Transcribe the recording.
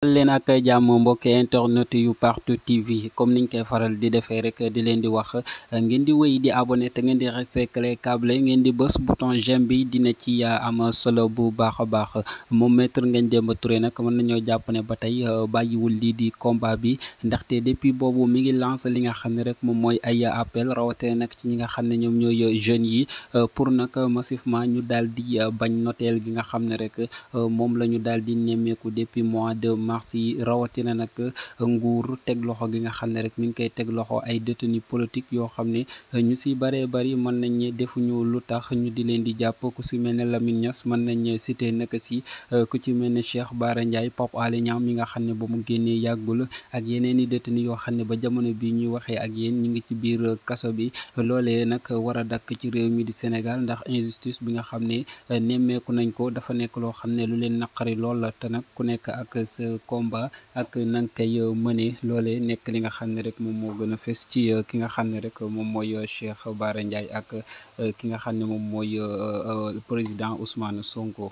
leen ak jàmm mbokk internet yu partout TV comme niñ koy faral di defee rek di leen di wax ngeen di wéy di abonné te ngeen di resté clé câble ngeen di bës bouton j'aime bi dina ci am solo bu baax a baax moom maître Ngagne Demba Touré nag mën nañoo jàpp ne ba tey bàyyiwul lii di combat bi ndaxte depuis boobu mi ngi lancé li nga xam ne rek moom mooy ay appel rawatina nag ci ñi nga xam ne ñoom ñooy jeunes yi pour nag massivement ñu dal di bañ noteel gi nga xam ne rek moom la ñu daal di nemmeeku depuis mois de mars yi rawatina nag euh, nguur teg loxo gi nga xam ne rek mi ngi koy teg loxo ay détenus politiques yoo xam ne euh, ñu si bëree bari mën nañ defu ñu lu tax ñu di leen di jàpp ku si mel ne Lamine Niass mën nañ cité naka si euh, ku ci mel ne Cheikh Bara Ndiaye Pape Alé Niang mi nga xam ne ba mu génnee yàggul ak yeneen i détenus yoo xam ne ba jamono bi ñuy waxee ak yéen ñu ngi ci biir kaso bi loolee nag war a dakk ci réew mi di Sénégal ndax injustice bi nga xam ne nemmeeku nañ ko dafa nekk loo xam ne lu leen naqari lool komba ak na yo koy euh, mënee loolee nekk li nga xam ne rek moom moo gën a fës ci euh, ki nga xam ne rek moom mooy euh, Cheikh Bara Ndiaye ak ki nga xam ne moom mooy président Ousmane Sonko.